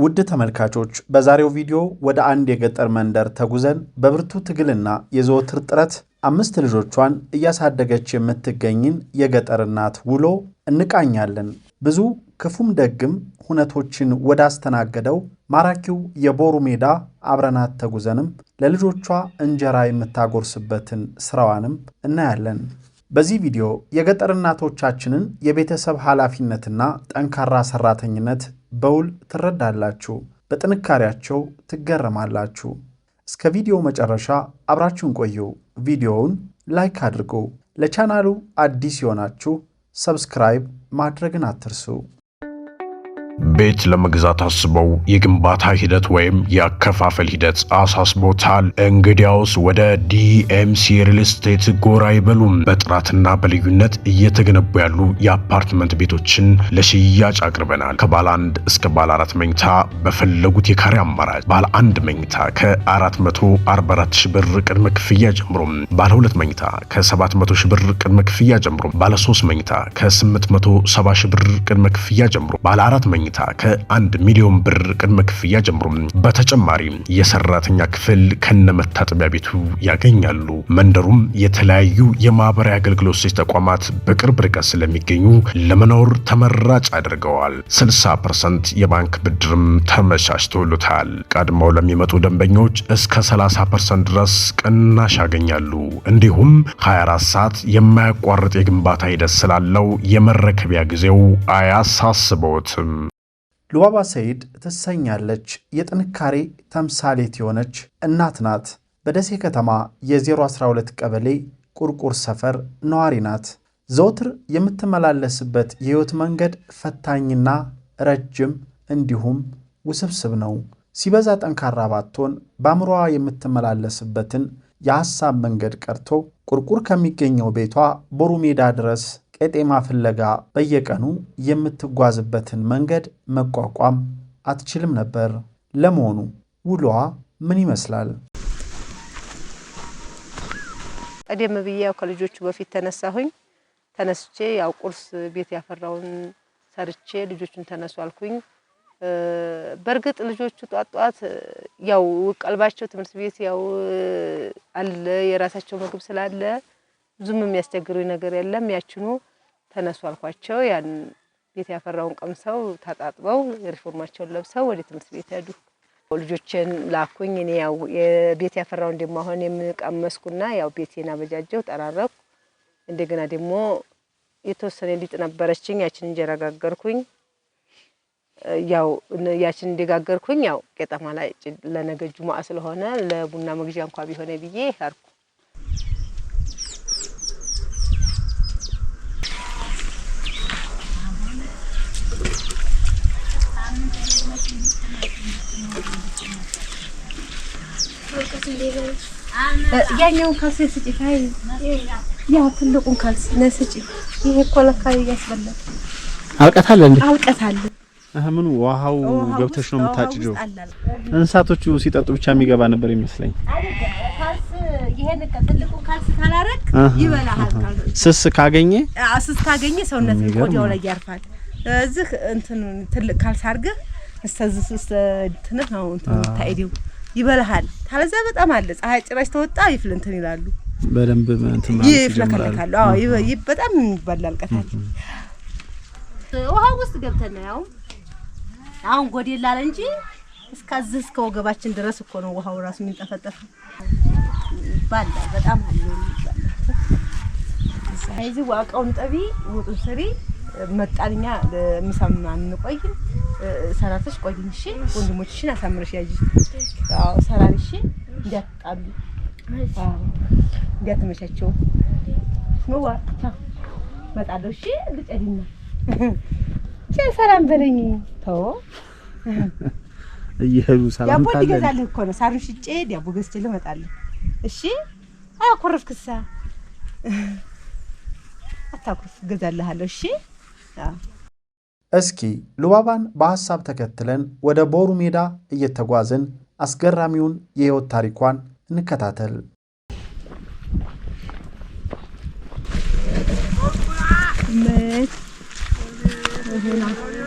ውድ ተመልካቾች በዛሬው ቪዲዮ ወደ አንድ የገጠር መንደር ተጉዘን በብርቱ ትግልና የዘወትር ጥረት አምስት ልጆቿን እያሳደገች የምትገኝን የገጠር እናት ውሎ እንቃኛለን። ብዙ ክፉም ደግም ሁነቶችን ወዳስተናገደው ማራኪው የቦሩ ሜዳ አብረናት ተጉዘንም ለልጆቿ እንጀራ የምታጎርስበትን ስራዋንም እናያለን። በዚህ ቪዲዮ የገጠር እናቶቻችንን የቤተሰብ ኃላፊነትና ጠንካራ ሰራተኝነት በውል ትረዳላችሁ፣ በጥንካሬያቸው ትገረማላችሁ። እስከ ቪዲዮ መጨረሻ አብራችሁን ቆዩ። ቪዲዮውን ላይክ አድርጉ። ለቻናሉ አዲስ የሆናችሁ ሰብስክራይብ ማድረግን አትርሱ። ቤት ለመግዛት አስበው የግንባታ ሂደት ወይም የአከፋፈል ሂደት አሳስቦታል? እንግዲያውስ ወደ ዲኤምሲ ሪል ስቴት ጎራ አይበሉም። በጥራትና በልዩነት እየተገነቡ ያሉ የአፓርትመንት ቤቶችን ለሽያጭ አቅርበናል። ከባለ አንድ እስከ ባለ አራት መኝታ በፈለጉት የካሬ አማራጭ፣ ባለ አንድ መኝታ ከ444 ሺህ ብር ቅድመ ክፍያ ጀምሮ፣ ባለ ሁለት መኝታ ከ700 ሺህ ብር ቅድመ ክፍያ ጀምሮ፣ ባለ ሶስት መኝታ ከ870 ብር ቅድመ ክፍያ ጀምሮ፣ ባለ አራት መኝታ ሁኔታ ከአንድ ሚሊዮን ብር ቅድመ ክፍያ ጀምሮ በተጨማሪ የሰራተኛ ክፍል ከነመታጠቢያ ቤቱ ያገኛሉ። መንደሩም የተለያዩ የማህበራዊ አገልግሎት ተቋማት በቅርብ ርቀት ስለሚገኙ ለመኖር ተመራጭ አድርገዋል። 60 ፐርሰንት የባንክ ብድርም ተመቻችቶሎታል። ቀድመው ለሚመጡ ደንበኞች እስከ 30 ፐርሰንት ድረስ ቅናሽ ያገኛሉ። እንዲሁም 24 ሰዓት የማያቋርጥ የግንባታ ሂደት ስላለው የመረከቢያ ጊዜው አያሳስበዎትም። ሉባባ ሰይድ ትሰኛለች። የጥንካሬ ተምሳሌት የሆነች እናት ናት። በደሴ ከተማ የ012 ቀበሌ ቁርቁር ሰፈር ነዋሪ ናት። ዘውትር የምትመላለስበት የህይወት መንገድ ፈታኝና ረጅም እንዲሁም ውስብስብ ነው። ሲበዛ ጠንካራ ባትሆን በአእምሮዋ የምትመላለስበትን የሐሳብ መንገድ ቀርቶ ቁርቁር ከሚገኘው ቤቷ ቦሩ ሜዳ ድረስ ቄጤማ ፍለጋ በየቀኑ የምትጓዝበትን መንገድ መቋቋም አትችልም ነበር። ለመሆኑ ውሏ ምን ይመስላል? ቀደም ብዬ ያው ከልጆቹ በፊት ተነሳሁኝ። ተነስቼ ያው ቁርስ ቤት ያፈራውን ሰርቼ ልጆቹን ተነሱ አልኩኝ። በእርግጥ ልጆቹ ጧት ጧት ያው ቀልባቸው ትምህርት ቤት ያው አለ የራሳቸው ምግብ ስላለ ብዙም የሚያስቸግሩኝ ነገር የለም ያችኑ ተነሱ አልኳቸው። ያን ቤት ያፈራውን ቀምሰው ተጣጥበው ሪፎርማቸውን ለብሰው ወደ ትምህርት ቤት ሄዱ። ልጆችን ላኩኝ። እኔ ያው የቤት ያፈራውን ደግሞ አሁን የምቀመስኩና ያው ቤቴን አበጃጀው ጠራረኩ። እንደገና ደግሞ የተወሰነ ሊጥ ነበረችኝ፣ ያችን እንጀራ ጋገርኩኝ። ያው ያችን እንደጋገርኩኝ ያው ቄጠማ ላይ ለነገ ጁሙአ ስለሆነ ለቡና መግዣ እንኳ ቢሆነ ብዬ አርኩ። ያኛውን ካልሲ ስጪ። ታይ ያ ትልቁን ካልሲ ነስጪ። ይሄ እኮ ለካ እያስበላል። አልቀት እንዴ? አልቀት አለ። አህ ምኑ ውሃው ገብተሽ ነው የምታጭጂው? እንስሳቶቹ ሲጠጡ ብቻ የሚገባ ነበር ይመስለኝ። ስስ ካገኘ ስስ ካገኘ ሰውነት ቆዳው ላይ ያርፋል። እዚህ እንትን ትልቅ ካልሲ አድርገህ እስተዚህ እስተዚህ ነው እንትን የምታሄደው ይበልሃል። ታለዛ በጣም አለ ፀሐይ ጭራሽ ተወጣ ይፍል እንትን ይላሉ። በደንብ እንትን ማለት ይፍለከለካሉ። አዎ ይበይ በጣም ይበላል። ቀታል ውሃ ውስጥ ገብተን ነው ያው አሁን ጎዴላ አለ እንጂ እስከዚህ እስከ ወገባችን ድረስ እኮ ነው ውሃው ራሱ የሚንጠፈጠፍ ይባላል። በጣም አለ ይባላል። እዚህ ዋቀውን ጠቢ ውጡን ስሪ መጣን። እኛ ምሳም ሰራተሽ ቆይኝ፣ እሺ። ወንድሞችሽን አሳምረሽ ያጂ አዎ ሰራን፣ እሺ። እንዲያጣሉ እንዲያተመቻቸው ምዋ መጣለሁ፣ እሺ። ልጨድና ቼ ሰላም በለኝ። ተው እየሄዱ ሰላም ታለ ያቦ ትገዛለህ እኮ ነው። ሳሩን ሽጬ ዳቦ ገዝቼ ልመጣለሁ፣ እሺ። አያኮርፍ ክሳ አታኩርፍ፣ እገዛልሃለሁ፣ እሺ እስኪ ሉባባን በሐሳብ ተከትለን ወደ ቦሩ ሜዳ እየተጓዝን አስገራሚውን የሕይወት ታሪኳን እንከታተል።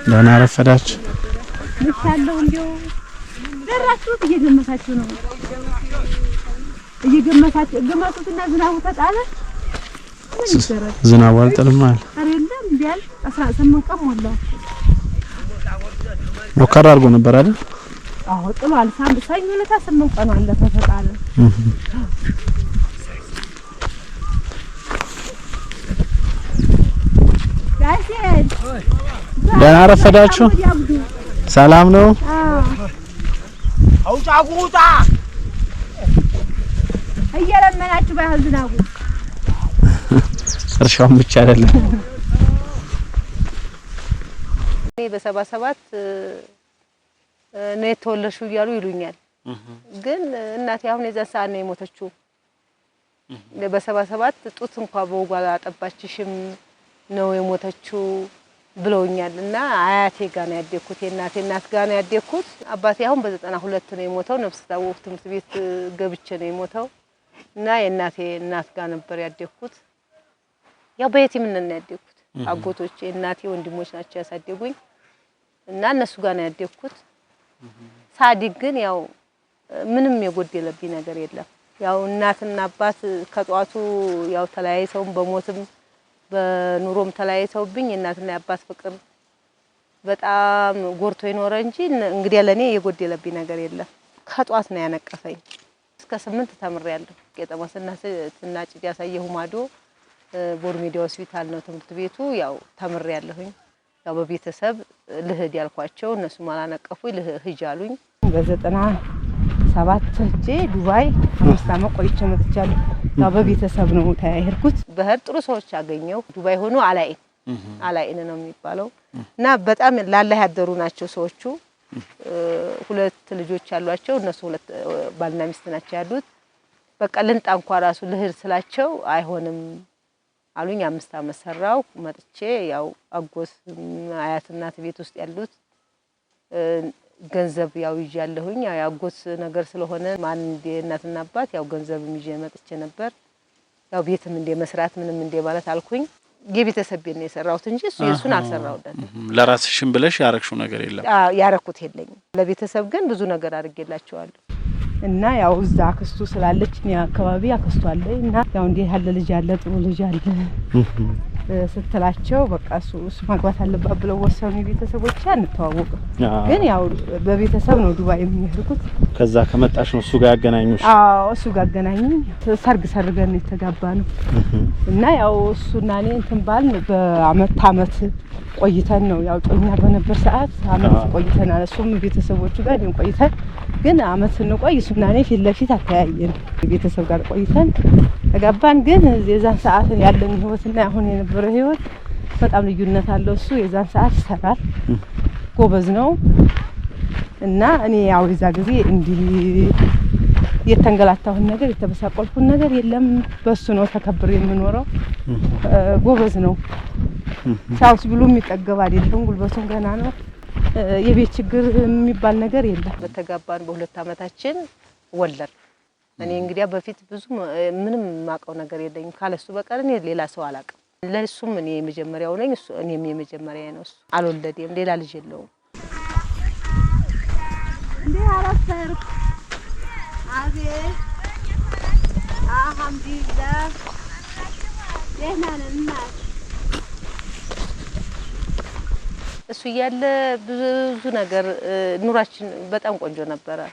ደህና አረፈዳችሁ። ምሳለው እንዲያው ደራችሁት እየገመታችሁ ነው እየገመታችሁ ገመቱትና ዝናቡ ተጣለ። ዝናቡ አልጥልም አለ ሞከር አድርጎ ነበር አይደል? አዎ ጥሏል። ሳምንት ሰኞ ዕለት ስምንት ቀን አለ ደህና ሰላም ነው። አውጫ ጉጣ እየለመናችሁ ባይሆን ዝናቡ እርሻውን ብቻ አይደለም። እኔ በሰባ ሰባት ነው የተወለድሽው እያሉ ይሉኛል። ግን እናቴ አሁን የዛን ሰዓት ነው የሞተችው። በሰባ ሰባት ጡት እንኳን በወጓ አጠባችሽም ነው የሞተችው ብለውኛል። እና አያቴ ጋር ነው ያደግኩት፣ የእናቴ እናት ጋር ነው ያደግኩት። አባቴ አሁን በዘጠና ሁለት ነው የሞተው። ነፍስ ታወቅ ትምህርት ቤት ገብቼ ነው የሞተው እና የእናቴ እናት ጋር ነበር ያደግኩት። ያው በየቲምነት ነው ያደግኩት። አጎቶቼ፣ እናቴ፣ ወንድሞች ናቸው ያሳደጉኝ እና እነሱ ጋር ነው ያደግኩት። ሳድግ ግን ያው ምንም የጎደለብኝ ነገር የለም። ያው እናትና አባት ከጧቱ ያው ተለያይተውም በሞትም በኑሮም ተለያይተውብኝ የእናትና የአባት ፍቅር በጣም ጎርቶ ይኖረ እንጂ እንግዲህ ለእኔ የጎደለብኝ ነገር የለም። ከጧት ነው ያነቀፈኝ። እስከ ስምንት ተምሬያለሁ። ቄጠማ ስናጭድ ያሳየሁ ማዶ ቦር ሜዳ ሆስፒታል ነው ትምህርት ቤቱ። ያው ተምር ያለሁኝ ያው በቤተሰብ ልህድ ያልኳቸው እነሱም አላነቀፉኝ ልህጅ አሉኝ። በዘጠና ሰባት ሄጄ ዱባይ አምስት አመት ቆይቼ መጥቻለሁ። ያው በቤተሰብ ነው ተያሄድኩት። በህር ጥሩ ሰዎች አገኘው። ዱባይ ሆኖ አላይን አላይን ነው የሚባለው እና በጣም ላላ ያደሩ ናቸው ሰዎቹ። ሁለት ልጆች ያሏቸው እነሱ ሁለት ባልና ሚስት ናቸው ያሉት። በቃ ልንጣ እንኳ ራሱ ልህድ ስላቸው አይሆንም አሉኝ። አምስት አመት ሰራው። መጥቼ ያው አጎት አያት እናት ቤት ውስጥ ያሉት ገንዘብ ያው ይዤ ያለሁኝ ያጎት ነገር ስለሆነ ማን እንደ እናትና አባት ያው ገንዘብም ይዤ መጥቼ ነበር። ያው ቤትም እንደ መስራት ምንም እንደ ማለት አልኩኝ። የቤተሰብ ቤት ነው የሰራሁት እንጂ እሱ የእሱን አልሰራሁለትም። ለራስሽም ብለሽ ያረግሽው ነገር የለም? ያረኩት የለኝም። ለቤተሰብ ግን ብዙ ነገር አድርጌላቸዋለሁ። እና ያው እዛ አክስቱ ስላለች እኔ አካባቢ አክስቱ አለ እና ያው እንዲህ ያለ ልጅ አለ ጥሩ ልጅ አለ ስትላቸው በቃ እሱ እሱ መግባት አለባት ብለው ወሰኑ። የቤተሰቦች አንተዋወቅም፣ ግን ያው በቤተሰብ ነው ዱባይ የሚሄድኩት። ከዛ ከመጣሽ ነው እሱ ጋር ያገናኙሽ? አዎ እሱ ጋር አገናኙኝ። ሰርግ ሰርገን የተጋባ ነው እና ያው እሱና እኔ እንትን ባል በአመት አመት ቆይተን ነው ያው ጦኛ በነበር ሰዓት አመት ቆይተናል። እሱም ቤተሰቦቹ ጋር እኔም ቆይተን ግን አመት ስንቆይ እሱና እኔ ፊት ለፊት አተያየን። ቤተሰብ ጋር ቆይተን ተጋባን። ግን የዛን ሰዓት ያለን ህይወትና አሁን የነበረው ህይወት በጣም ልዩነት አለው። እሱ የዛን ሰዓት ይሰራል፣ ጎበዝ ነው እና እኔ ያው የዛ ጊዜ እንዲህ የተንገላታሁን ነገር የተበሳቆልኩን ነገር የለም። በሱ ነው ተከብር የምኖረው። ጎበዝ ነው። ሳውስ ብሎ የሚጠገብ አይደለም። ጉልበቱን ገና ነው። የቤት ችግር የሚባል ነገር የለም። በተጋባን በሁለት አመታችን ወለድ እኔ እንግዲያ በፊት ብዙ ምንም የማውቀው ነገር የለኝም ካለሱ በቀር እኔ ሌላ ሰው አላውቅም። ለሱም እኔ የመጀመሪያው ነኝ፣ እኔም የመጀመሪያ ነው። እሱ አልወለደም፣ ሌላ ልጅ የለውም። አልሐምዱሊላህ ደህና ነን። እሱ እያለ ብዙ ነገር ኑሯችን በጣም ቆንጆ ነበረ።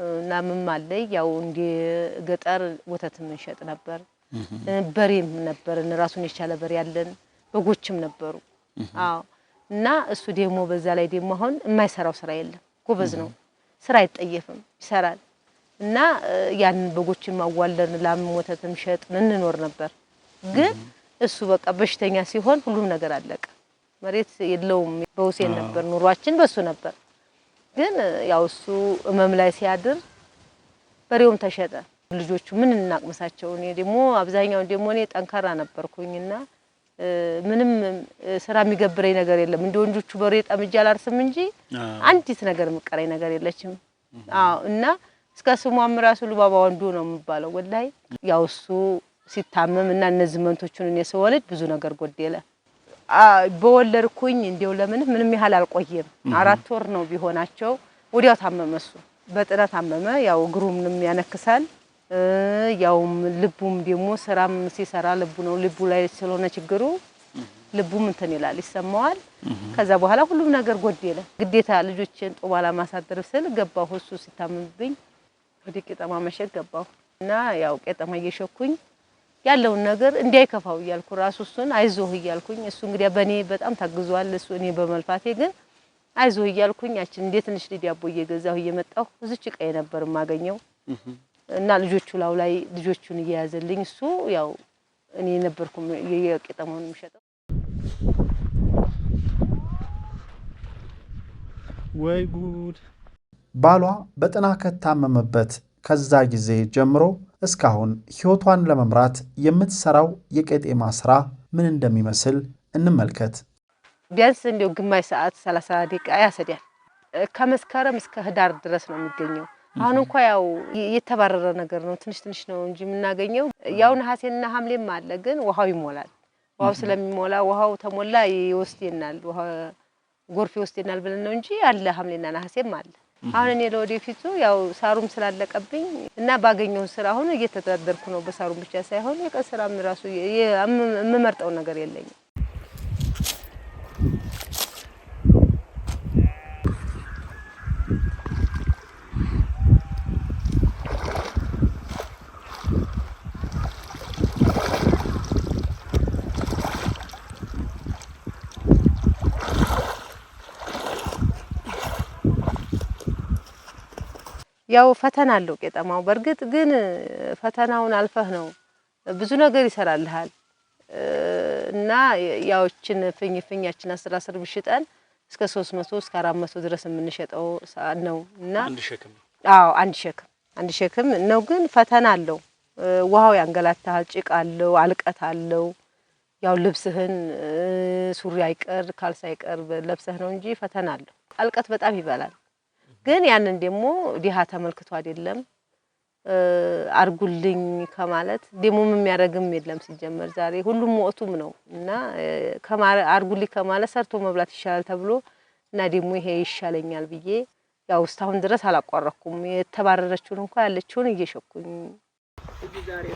ምናምን አለ። ያው እንደ ገጠር ወተትም እንሸጥ ነበር። በሬም ነበርን፣ ራሱን የቻለ በሬ ያለን በጎችም ነበሩ። አዎ። እና እሱ ደግሞ በዛ ላይ ደግሞ አሁን የማይሰራው ስራ የለም። ጎበዝ ነው፣ ስራ አይጠየፍም፣ ይሰራል። እና ያንን በጎችን ማዋለን ላም ወተትም ሸጥን እንኖር ነበር። ግን እሱ በቃ በሽተኛ ሲሆን ሁሉም ነገር አለቀ። መሬት የለውም። በሁሴን ነበር ኑሯችን፣ በሱ ነበር። ግን ያው እሱ እመም ላይ ሲያድር በሬውም ተሸጠ። ልጆቹ ምን እናቅምሳቸው? እኔ ደግሞ አብዛኛውን ደግሞ እኔ ጠንካራ ነበርኩኝና ምንም ስራ የሚገብረኝ ነገር የለም። እንደ ወንጆቹ በሬ ጠምጄ አላርስም እንጂ አንዲት ነገር የምቀረኝ ነገር የለችም። አዎ እና እስከ ስሟም ራሱ ልባባ ወንዱ ነው የሚባለው። ወላይ ያው እሱ ሲታመም እና እነዚህ መንቶቹን እኔ ስወልድ ብዙ ነገር ጎደለ። በወለድኩኝ እንዲው ለምን ምንም ያህል አልቆየም። አራት ወር ነው ቢሆናቸው ወዲያው ታመመ። እሱ በጥና ታመመ። ያው እግሩንም ያነክሳል። ያውም ልቡም ደግሞ ስራም ሲሰራ ልቡ ነው ልቡ ላይ ስለሆነ ችግሩ ልቡም እንትን ይላል ይሰማዋል። ከዛ በኋላ ሁሉም ነገር ጎደለ። ግዴታ ልጆችን ጦባላ ማሳደር ስል ገባሁ። እሱ ሲታመምብኝ ወደ ቄጠማ መሸግ ገባሁ እና ያው ቄጠማ እየሸኩኝ ያለውን ነገር እንዳይከፋው እያልኩ ራሱ እሱን አይዞህ እያልኩኝ እሱ እንግዲህ በእኔ በጣም ታግዟል። እሱ እኔ በመልፋቴ ግን አይዞህ እያልኩኝ ያችን እንዴት ትንሽ ዳቦ እየገዛሁ እየመጣሁ እዚች እቃ ነበር የማገኘው እና ልጆቹ ላው ላይ ልጆቹን እየያዘልኝ እሱ ያው እኔ ነበርኩ የቄጠመውን የሚሸጠው። ወይ ጉድ! ባሏ በጥና ከታመመበት ከዛ ጊዜ ጀምሮ እስካሁን ሕይወቷን ለመምራት የምትሰራው የቄጤማ ስራ ምን እንደሚመስል እንመልከት። ቢያንስ እንዲሁ ግማሽ ሰዓት 30 ደቂቃ ያሰዳል። ከመስከረም እስከ ህዳር ድረስ ነው የሚገኘው። አሁን እንኳ ያው የተባረረ ነገር ነው፣ ትንሽ ትንሽ ነው እንጂ የምናገኘው። ያው ነሐሴና ሐምሌም አለ፣ ግን ውሃው ይሞላል። ውሃው ስለሚሞላ ውሃው ተሞላ ይወስደናል፣ ጎርፍ ይወስደናል ብለን ነው እንጂ አለ ሐምሌና ነሐሴም አለ። አሁን እኔ ለወደፊቱ ያው ሳሩም ስላለቀብኝ እና ባገኘው ስራ አሁን እየተዳደርኩ ነው። በሳሩም ብቻ ሳይሆን የቀን ስራም ራሱ የምመርጠው ነገር የለኝም። ያው ፈተና አለው ቄጠማው። በእርግጥ ግን ፈተናውን አልፈህ ነው ብዙ ነገር ይሰራልሃል እና ያዎችን ፍኝ ፍኛችን አስር አስር ብሽጠን እስከ ሶስት መቶ እስከ አራት መቶ ድረስ የምንሸጠው ነው እና አዎ አንድ ሸክም አንድ ሸክም ነው። ግን ፈተና አለው። ውሃው ያንገላታል። ጭቃ አለው፣ አልቀት አለው። ያው ልብስህን ሱሪ አይቀር ካልስ አይቀር ለብሰህ ነው እንጂ ፈተና አለው። አልቀት በጣም ይበላል። ግን ያንን ደግሞ ድሃ ተመልክቶ አይደለም አርጉልኝ ከማለት ደሞም የሚያደርግም የለም። ሲጀመር ዛሬ ሁሉም ወቅቱም ነው እና አርጉልኝ ከማለት ሰርቶ መብላት ይሻላል ተብሎ እና ደግሞ ይሄ ይሻለኛል ብዬ ያው እስካሁን ድረስ አላቋረኩም። የተባረረችውን እንኳ ያለችውን እየሸኩኝ ዛሬ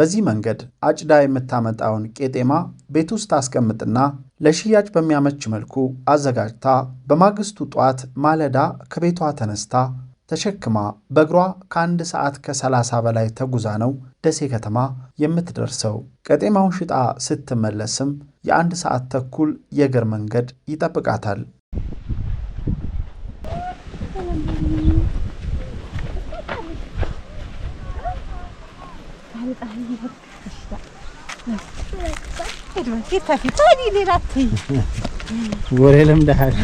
በዚህ መንገድ አጭዳ የምታመጣውን ቄጤማ ቤት ውስጥ አስቀምጥና ለሽያጭ በሚያመች መልኩ አዘጋጅታ በማግስቱ ጧት ማለዳ ከቤቷ ተነስታ ተሸክማ በእግሯ ከአንድ ሰዓት ከ ከ30 በላይ ተጉዛ ነው ደሴ ከተማ የምትደርሰው። ቀጤማውን ሽጣ ስትመለስም የአንድ ሰዓት ተኩል የእግር መንገድ ይጠብቃታል። ወሬ ልምዳሃል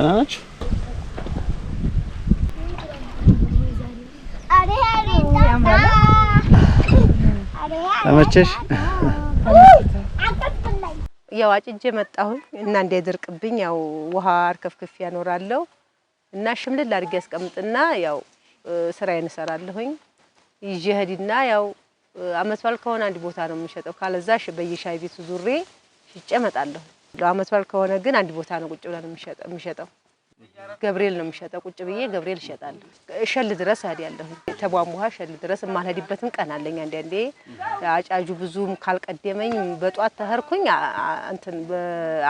ደህና ናችሁ? ተመቸሽ? ያው አጭጄ መጣሁኝ እና እንዳይደርቅብኝ ያው ውሃ አርከፍክፍ ያኖራለሁ እና ሽምልል አድርጌ ያስቀምጥና ያው ስራዬን እሰራለሁኝ። ይዤ እህድና ያው አመት በዓል ከሆነ አንድ ቦታ ነው የምንሸጠው፣ ካለዛ በየሻይ ቤቱ ዙሬ ሽጬ እመጣለሁ። ለአመት በዓል ከሆነ ግን አንድ ቦታ ነው ቁጭ ብለን የሚሸጠው። ገብርኤል ነው የሚሸጠው። ቁጭ ብዬ ገብርኤል እሸጣለሁ። ሸል ድረስ እሄዳለሁ። ተቧም ውሃ ሸል ድረስ የማልሄድበትም ቀን አለኝ። አንዳንዴ አጫጁ ብዙም ካልቀደመኝ በጧት ተኸርኩኝ እንትን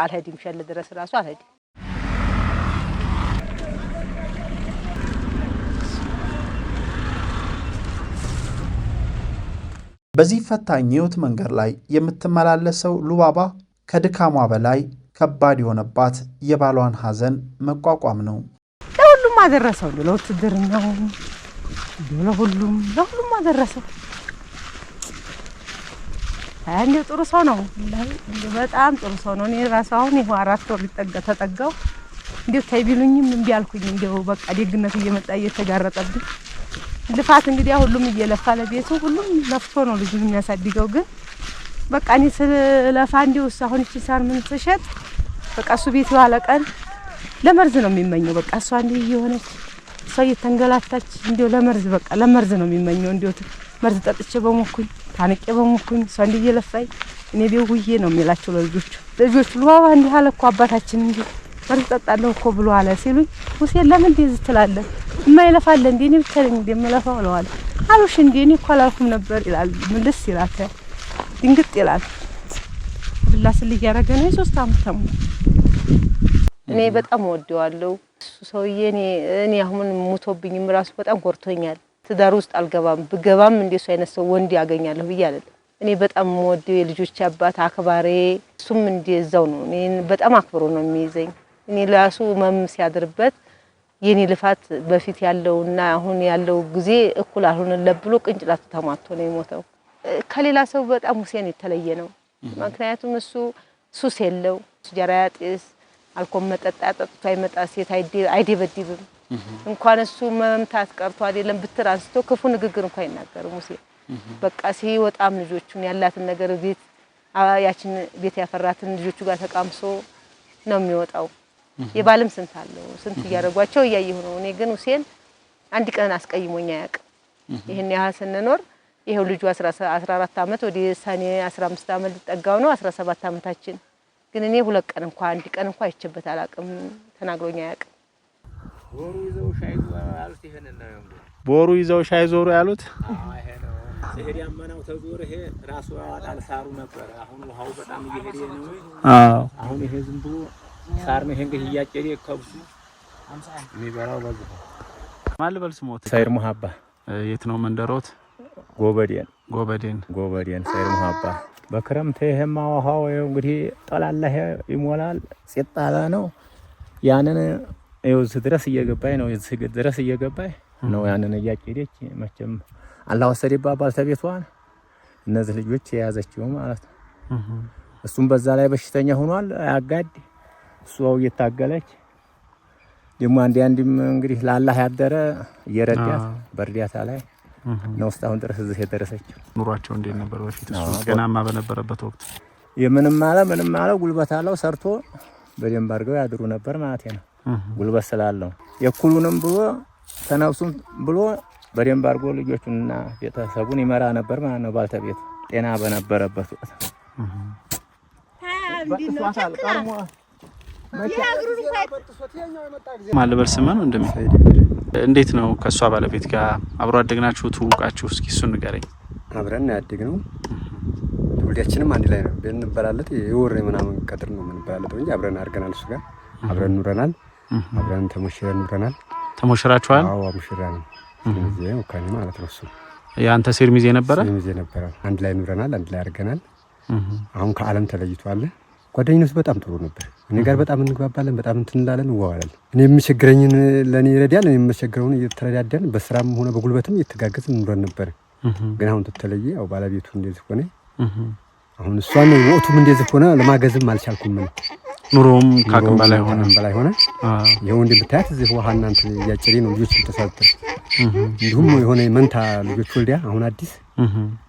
አልሄድም። ሸል ድረስ ራሱ አልሄድም። በዚህ ፈታኝ ህይወት መንገድ ላይ የምትመላለሰው ሉባባ ከድካሟ በላይ ከባድ የሆነባት የባሏን ሐዘን መቋቋም ነው። ለሁሉም አደረሰው፣ ለውትድርናው፣ ለሁሉም ለሁሉም አደረሰው። እንዲሁ ጥሩ ሰው ነው። በጣም ጥሩ ሰው ነው። እኔ ራሱ አሁን ይኸው አራት ወር ሊጠጋ ተጠጋው። እንዲሁ ተይ ቢሉኝም እምቢ አልኩኝ። በቃ ደግነቱ እየመጣ እየተጋረጠብኝ ልፋት እንግዲያ ሁሉም እየለፋ ለቤቱ ሁሉም ለፍቶ ነው ልጁ የሚያሳድገው ግን በቃ እኔ ስለለፋ እንዲሁ አሁን እቺ ሳር ምን ትሸጥ በቃ እሱ ቤት የዋለ ቀን ለመርዝ ነው የሚመኘው። በቃ እሷ እንዲህ እየሆነች እሷ እየተንገላታች እንዲሁ ለመርዝ በቃ ለመርዝ ነው የሚመኘው። እንዲሁ መርዝ ጠጥቼ በሞኩኝ ታንቄ በሞኩኝ እሷ እንዲህ እየለፋኝ እኔ ቤውዬ ነው የሚላቸው ለልጆቹ። ልጆቹ ልዋዋ እንዲህ አለ እኮ አባታችን እንዲህ መርዝ ጠጣለሁ እኮ ብሎ አለ ሲሉኝ፣ ሁሴን ለምን እንደዚህ ትላለህ? የማይለፋለ እንዴ? እኔ ብቻ ነኝ እንደምለፋው እለዋለሁ። አሉሽ እንዴ? እኔ እኮ አላልኩም ነበር ይላል። ምን ደስ ይላታል ድንግጥ ይላል። ብላስል እያደረገ ነው። የሶስት አመት ተሙ እኔ በጣም ወደዋለሁ። እሱ ሰውዬ እኔ እኔ አሁን ሙቶብኝም ራሱ በጣም ጎርቶኛል። ትዳር ውስጥ አልገባም፣ ብገባም እንደሱ አይነት ሰው ወንድ ያገኛለሁ ብዬ አይደለም። እኔ በጣም ወደው የልጆች አባት አክባሬ፣ እሱም እንደዛው ነው። እኔ በጣም አክብሮ ነው የሚይዘኝ። እኔ ለራሱ መም ሲያድርበት የኔ ልፋት በፊት ያለውና አሁን ያለው ጊዜ እኩል አልሆነለት ብሎ ቅንጭላት ተማቶ ነው የሞተው። ከሌላ ሰው በጣም ሁሴን የተለየ ነው። ምክንያቱም እሱ ሱስ የለው፣ ሲጃራ ያጤስ፣ አልኮል መጠጣ ጠጥቶ አይመጣ፣ ሴት አይደበድብም። እንኳን እሱ መምታት ቀርቶ አይደለም ብትር አንስቶ ክፉ ንግግር እንኳን አይናገርም ሙሴ። በቃ ሲወጣም ልጆቹን ያላትን ነገር ቤት ያችን ቤት ያፈራትን ልጆቹ ጋር ተቃምሶ ነው የሚወጣው። የባልም ስንት አለው ስንት እያደረጓቸው እያየሁ ነው። እኔ ግን ሁሴን አንድ ቀን አስቀይሞኝ አያውቅም። ይህን ያህል ስንኖር ይሄው ልጁ 14 ዓመት ወደ ሰኔ 15 ዓመት ሊጠጋው ነው 17 ዓመታችን። ግን እኔ ሁለት ቀን እንኳ አንድ ቀን እንኳ አይቼበት አላቅም፣ ተናግሮኛ አያቅም። ቦሩ ይዘው ሻይ ዞሩ ያሉት ሲሄድ ያመናው ተዞር ይሄ ራሱ ያዋጣል ሳሩ ነበር። አሁን ውሃው በጣም እየሄደ ነው። አዎ አሁን ይሄ ዝም ብሎ ሳር ነው። ይሄ እንግዲህ እያጨደ ከብሱ የሚበራው በዚህ ማልበልስ ሞት ሳይር ሙሀባ የት ነው መንደሮት? ጎበዴን ጎበዴን ጎበዴን ሰይድ ሀባ በክረምት ይሄማ ውሃው እንግዲህ ጠላላ ይሞላል። ሲጣላ ነው። ያንን ይኸውዝ ድረስ እየገባኝ ነው እዚህ ድረስ እየገባኝ ነው። ያንን እያቄደች መቼም አላወሰደባት ባልተቤቷን እነዚህ ልጆች የያዘችው ማለት ነው። እሱም በዛ ላይ በሽተኛ ሆኗል። አጋድ እሷው እየታገለች ደግሞ አንድ አንድም እንግዲህ ላላህ ያደረ እየረዳት በእርዳታ ላይ ነው ውስጥ አሁን ድረስ እዚህ የደረሰችው። ኑሯቸው እንዴት ነበር በፊት? እሱ ገናማ በነበረበት ወቅት የምንም አለ ምንም አለ ጉልበት አለው ሰርቶ በደንብ አድርገው ያድሩ ነበር ማለት ነው። ጉልበት ስላለው የኩሉንም ብሎ ተነፍሱም ብሎ በደንብ አድርጎ ልጆቹንና ቤተሰቡን ይመራ ነበር ማለት ነው። ባልተቤት ጤና በነበረበት ወቅት ማልበል ስማ ነው እንደሚሄድ እንዴት ነው ከእሷ ባለቤት ጋር አብሮ አደግናችሁ ትውውቃችሁ? እስኪ እሱን ንገረኝ። አብረን ያደግ ነው። ትውልዳችንም አንድ ላይ ነው ብንበላለት የወር ምናምን ቀጥር ነው ምንበላለት እንጂ አብረን አድርገናል። እሱ ጋር አብረን ኑረናል። አብረን ተሞሽረን ኑረናል። ተሞሽራችኋል? አዎ ሙሽራ ነው ወካኝ ማለት ነው። እሱ የአንተ ሴር ሚዜ ነበረ? ሚዜ ነበረ። አንድ ላይ ኑረናል። አንድ ላይ አድርገናል። አሁን ከአለም ተለይቷል። ጓደኝነቱ በጣም ጥሩ ነበር። እኔ ጋር በጣም እንግባባለን፣ በጣም እንትንላለን፣ እንዋዋላለን። እኔ የሚቸግረኝን ለእኔ ይረዳል፣ እኔ የምቸግረውን እየተረዳደን በስራም ሆነ በጉልበትም እየተጋገዝን እንኖረን ነበር። ግን አሁን ተተለየ። ያው ባለቤቱ እንደዚህ ሆነ። አሁን እሷን ወቅቱም እንደዚህ ሆነ፣ ለማገዝም አልቻልኩም። ምን ኑሮውም ከአቅም በላይ ሆነ በላይ ሆነ። ይኸው እንደምታያት እዚህ ውሃ እናንተ እያጨሬ ነው ልጆች ተሳትር እንዲሁም የሆነ መንታ ልጆች ወልዲያ አሁን አዲስ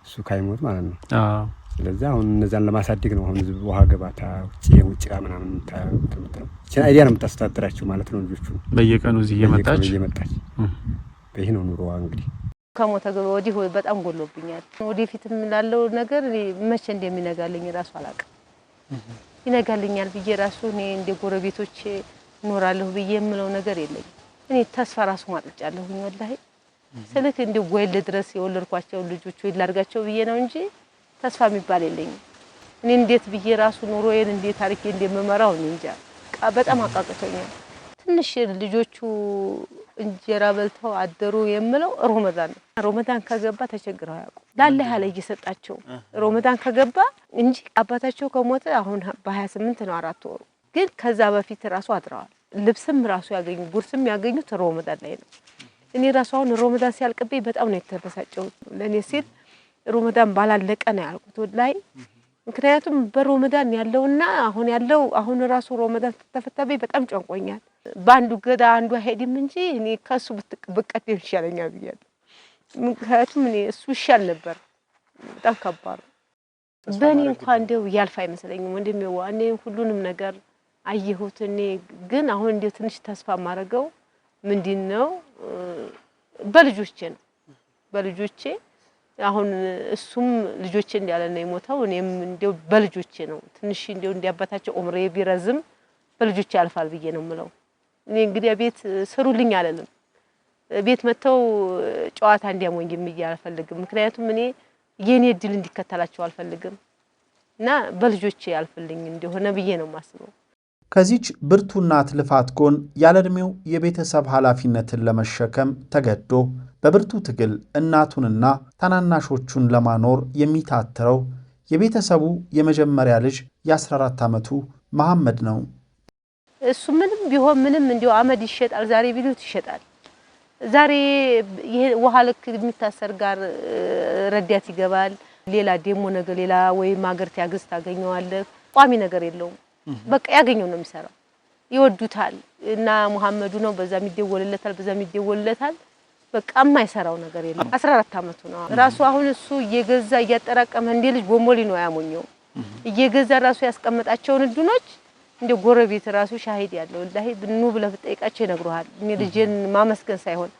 እሱ ካይሞት ማለት ነው ስለዚህ አሁን እነዛን ለማሳደግ ነው። አሁን ህዝብ ውሃ ገባታ ውጭ ውጭ ምናምን ችን አይዲያ ነው የምታስተዳድራቸው ማለት ነው። ልጆቹ በየቀኑ እዚህ እየመጣች እየመጣች ይህ ነው ኑሮዋ እንግዲህ። ከሞተ ገበ ወዲህ በጣም ጎሎብኛል። ወደፊት የምላለው ነገር መቼ እንደሚነጋልኝ ራሱ አላውቅም። ይነጋልኛል ብዬ ራሱ እኔ እንደ ጎረቤቶች እኖራለሁ ብዬ የምለው ነገር የለኝም። እኔ ተስፋ ራሱ ማጥጫለሁኝ ወላሂ ስለት እንደ ጎል ድረስ የወለድኳቸውን ልጆቹ ይላርጋቸው ብዬ ነው እንጂ ተስፋ የሚባል የለኝም። እኔ እንዴት ብዬ ራሱ ኑሮዬን እንዴት አርጌ እንደምመራው እኔ እንጃ። በጣም አቃቅቶኛል። ትንሽ ልጆቹ እንጀራ በልተው አደሩ የምለው ሮመዳን ነው። ሮመዳን ከገባ ተቸግረው አያውቁም። ላለ ያለ እየሰጣቸው ሮመዳን ከገባ እንጂ አባታቸው ከሞተ አሁን በሀያ ስምንት ነው አራት ወሩ። ግን ከዛ በፊት ራሱ አድረዋል። ልብስም ራሱ ያገኙ ጉርስም ያገኙት ሮመዳን ላይ ነው። እኔ ራሱ አሁን ሮመዳን ሲያልቅብኝ በጣም ነው የተበሳጨው። ለእኔ ሲል ሮመዳን ባላለቀ ነው ያልኩት ላይ ምክንያቱም በሮመዳን ያለውና አሁን ያለው አሁን ራሱ ሮመዳን ተፈታበኝ በጣም ጨንቆኛል። በአንዱ ገዳ አንዱ አይሄድም እንጂ እኔ ከእሱ ብቀደም ይሻለኛል ብያለሁ። ምክንያቱም እኔ እሱ ይሻል ነበር። በጣም ከባድ ነው። በእኔ እንኳን እንደው ያልፍ አይመስለኝም ወንድሜ። እኔ ሁሉንም ነገር አየሁት። እኔ ግን አሁን እንደው ትንሽ ተስፋ የማደርገው ምንድን ነው በልጆቼ ነው በልጆቼ አሁን እሱም ልጆቼ እንዲያለ ነው የሞተው። እኔም እንዲያው በልጆቼ ነው ትንሽ እንዲያው እንዲያባታቸው ኦምሬ ቢረዝም በልጆቼ ያልፋል ብዬ ነው ምለው። እኔ እንግዲህ ቤት ስሩልኝ አለልም ቤት መጥተው ጨዋታ እንዲያሞኝ ብዬ አልፈልግም። ምክንያቱም እኔ የኔ እድል እንዲከተላቸው አልፈልግም እና በልጆቼ ያልፍልኝ እንደሆነ ብዬ ነው ማስበው። ከዚች ብርቱ እናት ልፋት ጎን ያለ የቤተሰብ ኃላፊነትን ለመሸከም ተገዶ በብርቱ ትግል እናቱንና ታናናሾቹን ለማኖር የሚታትረው የቤተሰቡ የመጀመሪያ ልጅ የ14 ዓመቱ መሐመድ ነው። እሱ ምንም ቢሆን ምንም እንዲሁ አመድ ይሸጣል። ዛሬ ቢሉት ይሸጣል። ዛሬ ይሄ ውሃ ልክ የሚታሰር ጋር ረዳት ይገባል። ሌላ ደሞ ነገር ሌላ ወይም ሀገር ያግዝ ታገኘዋለህ። ቋሚ ነገር የለውም። በቃ ያገኘው ነው የሚሰራው። ይወዱታል እና መሐመዱ ነው። በዛ ይደወልለታል፣ በዛ ይደወልለታል። በቃ የማይሰራው ነገር የለም። 14 አመቱ ነው ራሱ። አሁን እሱ እየገዛ እያጠራቀመ እንደ ልጅ ቦምቦሊ ነው ያሞኘው። እየገዛ ራሱ ያስቀመጣቸውን እድኖች እንደ ጎረቤት ራሱ ሻሂድ ያለው ላይ ብኑ ብለህ ብጠይቃቸው ይነግሩሃል። እኔ ልጄን ማመስገን ሳይሆን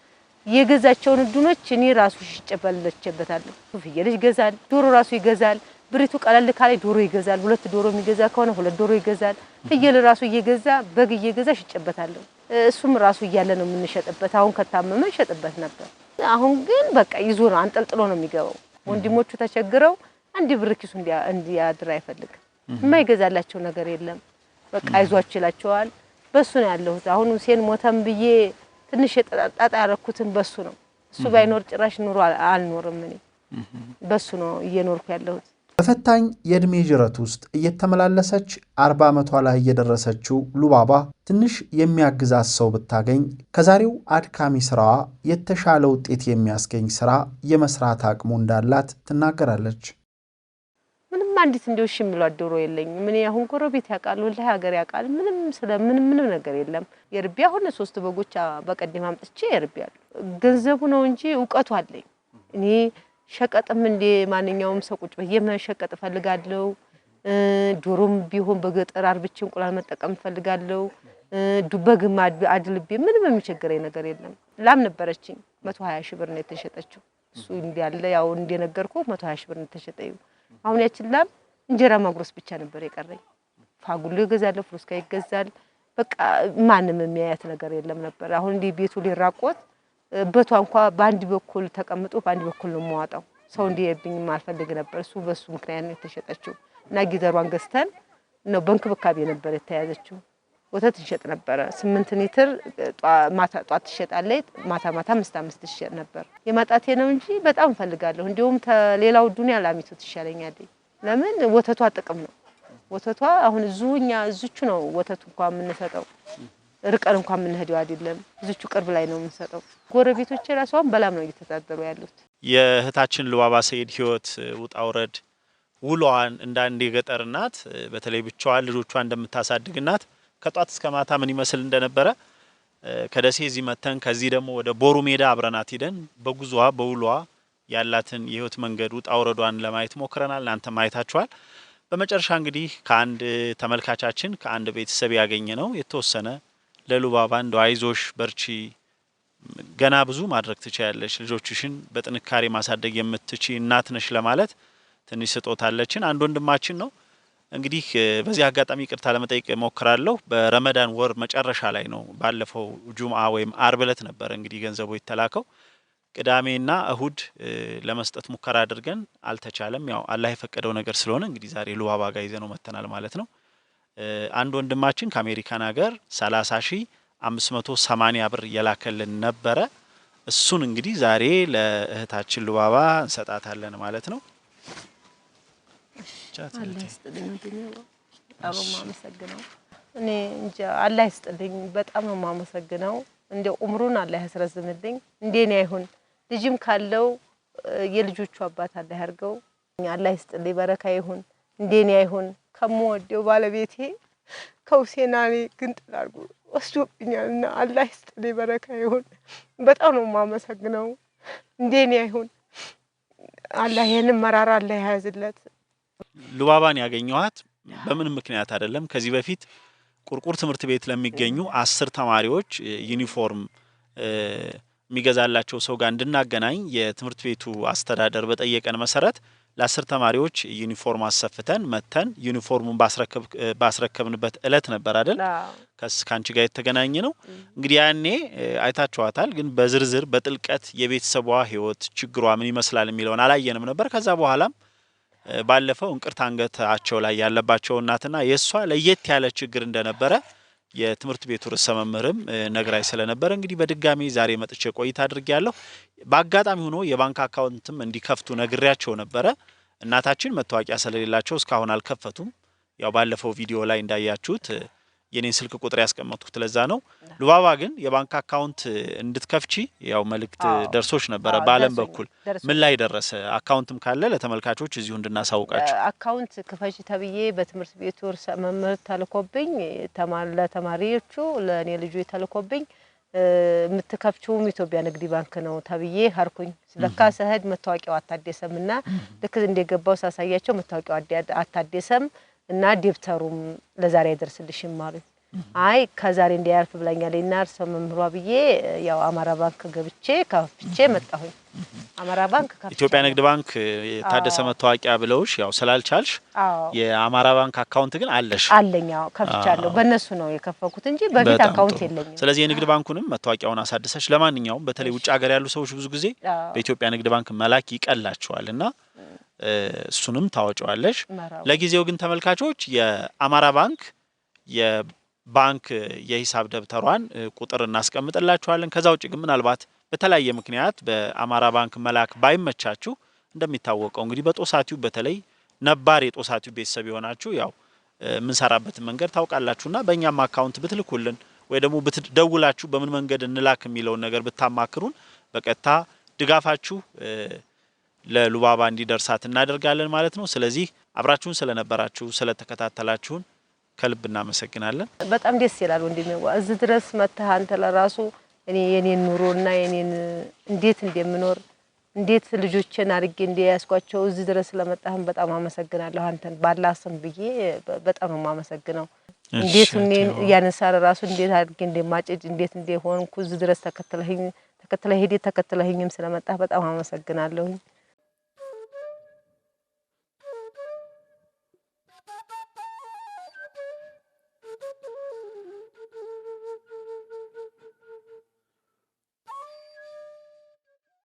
የገዛቸውን እድኖች እኔ ራሱ ሽጬ በልቼበታለሁ። ፍየል ይገዛል፣ ዶሮ ራሱ ይገዛል። ብሪቱ ቀለል ካለ ዶሮ ይገዛል። ሁለት ዶሮ የሚገዛ ከሆነ ሁለት ዶሮ ይገዛል። ፍየል ራሱ እየገዛ በግ እየገዛ ሽጨበታለሁ። እሱም ራሱ እያለ ነው የምንሸጥበት። አሁን ከታመመ ይሸጥበት ነበር። አሁን ግን በቃ ይዞ ነው አንጠልጥሎ ነው የሚገባው። ወንድሞቹ ተቸግረው አንድ ብር ኪሱ እንዲያድር አይፈልግም። የማይገዛላቸው ነገር የለም። በቃ አይዟችሁ ይላቸዋል። በሱ ነው ያለሁት። አሁን ሁሴን ሞተም ብዬ ትንሽ የጠጣጣ ያረኩትን በሱ ነው። እሱ ባይኖር ጭራሽ ኑሮ አልኖርም። እኔ በሱ ነው እየኖርኩ ያለሁት። በፈታኝ የዕድሜ ጅረት ውስጥ እየተመላለሰች አርባ ዓመቷ ላይ እየደረሰችው ሉባባ ትንሽ የሚያግዛት ሰው ብታገኝ ከዛሬው አድካሚ ስራዋ የተሻለ ውጤት የሚያስገኝ ስራ የመስራት አቅሙ እንዳላት ትናገራለች። ምንም አንዲት እንዲ እሺ የሚሏት ዶሮ የለኝም። እኔ አሁን ጎረቤት ያውቃል፣ ወላ ሀገር ያውቃል። ምንም ስለ ምንም ምንም ነገር የለም። የርቢ አሁን ሶስት በጎች በቀደም አምጥቼ የርቢ ያሉ ገንዘቡ ነው እንጂ እውቀቱ አለኝ እኔ ሸቀጥም እንደ ማንኛውም ሰው ቁጭ ብዬ መሸቀጥ እፈልጋለሁ። ዶሮም ቢሆን በገጠር አርብቼ እንቁላል መጠቀም እፈልጋለሁ። በግም አድልቤ ምንም የሚቸግረኝ ነገር የለም። ላም ነበረችኝ መቶ ሀያ ሺህ ብር ነው የተሸጠችው። እሱ እንዲያለ ያው እንደነገርኩ መቶ ሀያ ሺህ ብር ነው የተሸጠኝ። አሁን ያችን ላም እንጀራ ማጉረስ ብቻ ነበር የቀረኝ። ፋጉሎ ይገዛለሁ፣ ፍሩስካ ይገዛል። በቃ ማንም የሚያያት ነገር የለም ነበር። አሁን እንዲህ ቤቱ ሊራቆት በቷ እንኳ በአንድ በኩል ተቀምጦ በአንድ በኩል ነው የማዋጣው። ሰው እንዲየብኝም አልፈልግ ነበር። እሱ በሱ ምክንያት ነው የተሸጠችው እና ጊዘሯን ገዝተን ነው በእንክብካቤ ነበር የተያዘችው። ወተት እንሸጥ ነበረ። ስምንት ሊትር ጧት ትሸጣለች፣ ማታ ማታ አምስት አምስት ትሸጥ ነበር። የማጣቴ ነው እንጂ በጣም እፈልጋለሁ። እንዲሁም ከሌላው ዱንያ ላሚቱ ትሻለኛል። ለምን ወተቷ ጥቅም ነው። ወተቷ አሁን እዙ እኛ እዙቹ ነው ወተቱ እንኳ የምንሰጠው ርቀን እንኳን የምንሄደው አይደለም። ብዙቹ ቅርብ ላይ ነው የምንሰጠው። ጎረቤቶች ራሷን በላም ነው እየተዳደሩ ያሉት። የእህታችን ልባባ ሰይድ ህይወት ውጣ ውረድ ውሏዋን እንደ አንድ የገጠር እናት በተለይ ብቻዋን ልጆቿ እንደምታሳድግ እናት ከጧት እስከ ማታ ምን ይመስል እንደነበረ ከደሴ እዚህ መተን ከዚህ ደግሞ ወደ ቦሩ ሜዳ አብረናት ሂደን በጉዟ በውሏ ያላትን የህይወት መንገድ ውጣ ውረዷን ለማየት ሞክረናል። እናንተ ማየታችኋል። በመጨረሻ እንግዲህ ከአንድ ተመልካቻችን ከአንድ ቤተሰብ ያገኘ ነው የተወሰነ ለሉባባ እንደው አይዞሽ በርቺ፣ ገና ብዙ ማድረግ ትችያለች ልጆችሽን በጥንካሬ ማሳደግ የምትች እናት ነሽ ለማለት ትንሽ ስጦታለችን። አንድ ወንድማችን ነው እንግዲህ በዚህ አጋጣሚ ቅርታ ለመጠይቅ ሞክራለሁ። በረመዳን ወር መጨረሻ ላይ ነው። ባለፈው ጁምአ ወይም አርብ እለት እንግዲህ ገንዘቡ የተላከው። ቅዳሜና እሁድ ለመስጠት ሙከራ አድርገን አልተቻለም። ያው አላህ የፈቀደው ነገር ስለሆነ እንግዲህ ዛሬ ሉባባ ጋር ነው መተናል ማለት ነው። አንድ ወንድማችን ከአሜሪካን ሀገር 30 ሺህ 580 ብር እየላከልን ነበረ። እሱን እንግዲህ ዛሬ ለእህታችን ልባባ እንሰጣታለን ማለት ነው። እኔ እንጃ አላህ ይስጥልኝ። በጣም ነው የማመሰግነው። እንደ ኡምሩን አላህ ያስረዝምልኝ። እንዴኔ አይሁን ልጅም ካለው የልጆቹ አባት አላህ ያርገው። አላህ ይስጥልኝ። በረካ ይሁን። እንዴኔ አይሁን ከምወደው ባለቤቴ ከሁሴና እኔ ግንጥል አድርጎ ወስዶብኛል እና አላህ ይስጥልኝ፣ በረካ ይሁን። በጣም ነው የማመሰግነው። እንዴኔ አይሁን አላህ ይህንን መራራ አላህ የያዝለት። ሉባባን ያገኘኋት በምንም ምክንያት አይደለም። ከዚህ በፊት ቁርቁር ትምህርት ቤት ለሚገኙ አስር ተማሪዎች ዩኒፎርም የሚገዛላቸው ሰው ጋር እንድናገናኝ የትምህርት ቤቱ አስተዳደር በጠየቀን መሰረት ለአስር ተማሪዎች ዩኒፎርም አሰፍተን መተን ዩኒፎርሙን ባስረከብንበት እለት ነበር አይደል? ከስ ከአንቺ ጋር የተገናኘ ነው። እንግዲህ ያኔ አይታችኋታል፣ ግን በዝርዝር በጥልቀት የቤተሰቧ ህይወት ችግሯ ምን ይመስላል የሚለውን አላየንም ነበር። ከዛ በኋላም ባለፈው እንቅርት አንገታቸው ላይ ያለባቸው እናትና የእሷ ለየት ያለ ችግር እንደነበረ የትምህርት ቤቱ ርዕሰ መምህርም ነግራይ ስለነበረ እንግዲህ በድጋሚ ዛሬ መጥቼ ቆይታ አድርጌያለሁ። በአጋጣሚ ሆኖ የባንክ አካውንትም እንዲከፍቱ ነግሬያቸው ነበረ። እናታችን መታወቂያ ስለሌላቸው እስካሁን አልከፈቱም። ያው ባለፈው ቪዲዮ ላይ እንዳያችሁት የኔን ስልክ ቁጥር ያስቀመጥኩት ለዛ ነው። ሉባባ ግን የባንክ አካውንት እንድትከፍቺ ያው መልእክት ደርሶች ነበረ በአለም በኩል ምን ላይ ደረሰ? አካውንትም ካለ ለተመልካቾች እዚሁ እንድናሳውቃቸው። አካውንት ክፈች ተብዬ በትምህርት ቤቱ ርዕሰ መምህር ተልኮብኝ፣ ለተማሪዎቹ ለእኔ ልጁ ተልኮብኝ የምትከፍችውም ኢትዮጵያ ንግድ ባንክ ነው ተብዬ ሀርኩኝ። ለካ ስህድ መታወቂያው አታደሰም እና ልክ እንደገባው ሳሳያቸው መታወቂያው አታደሰም እና ዴብተሩም ለዛሬ አይደርስልሽም አሉኝ። አይ ከዛሬ እንዲያልፍ ብላኛል ናርሰ መምህሯ ብዬ ያው አማራ ባንክ ገብቼ ከፍቼ መጣሁኝ። አማራ ባንክ ኢትዮጵያ ንግድ ባንክ የታደሰ መታወቂያ ብለውሽ ያው ስላልቻልሽ የአማራ ባንክ አካውንት ግን አለሽ? አለኝ። ከፍቻለሁ። በእነሱ ነው የከፈኩት እንጂ በፊት አካውንት የለኝም። ስለዚህ የንግድ ባንኩንም መታወቂያውን አሳድሰሽ፣ ለማንኛውም በተለይ ውጭ ሀገር ያሉ ሰዎች ብዙ ጊዜ በኢትዮጵያ ንግድ ባንክ መላክ ይቀላቸዋል እና እሱንም ታወጫዋለሽ። ለጊዜው ግን ተመልካቾች የአማራ ባንክ የባንክ የሂሳብ ደብተሯን ቁጥር እናስቀምጥላችኋለን። ከዛ ውጭ ግን ምናልባት በተለያየ ምክንያት በአማራ ባንክ መላክ ባይመቻችሁ እንደሚታወቀው እንግዲህ በጦሳቲው በተለይ ነባር የጦሳቲው ቤተሰብ የሆናችሁ ያው የምንሰራበትን መንገድ ታውቃላችሁና በእኛም አካውንት ብትልኩልን ወይ ደግሞ ብትደውላችሁ በምን መንገድ እንላክ የሚለውን ነገር ብታማክሩን በቀጥታ ድጋፋችሁ ለሉባባ እንዲደርሳት እናደርጋለን ማለት ነው። ስለዚህ አብራችሁን ስለነበራችሁ ስለተከታተላችሁን ከልብ እናመሰግናለን። በጣም ደስ ይላል ወንድሜ፣ እዚህ ድረስ መተህ አንተ ለራሱ እኔ የኔን እና የኔን እንዴት እንደምኖር እንዴት ልጆችን አድርጌ እንደያዝኳቸው እዚህ ድረስ ስለመጣህም በጣም አመሰግናለሁ። አንተን ባላስም ብዬ በጣም የማመሰግነው እንዴት እኔን እያነሳ ራሱ እንዴት አድርጌ እንደማጭድ እንዴት እንደሆንኩ እዚህ ድረስ ተከትለህኝ ተከትለህ ሄዴ ተከትለህኝም ስለመጣህ በጣም አመሰግናለሁኝ።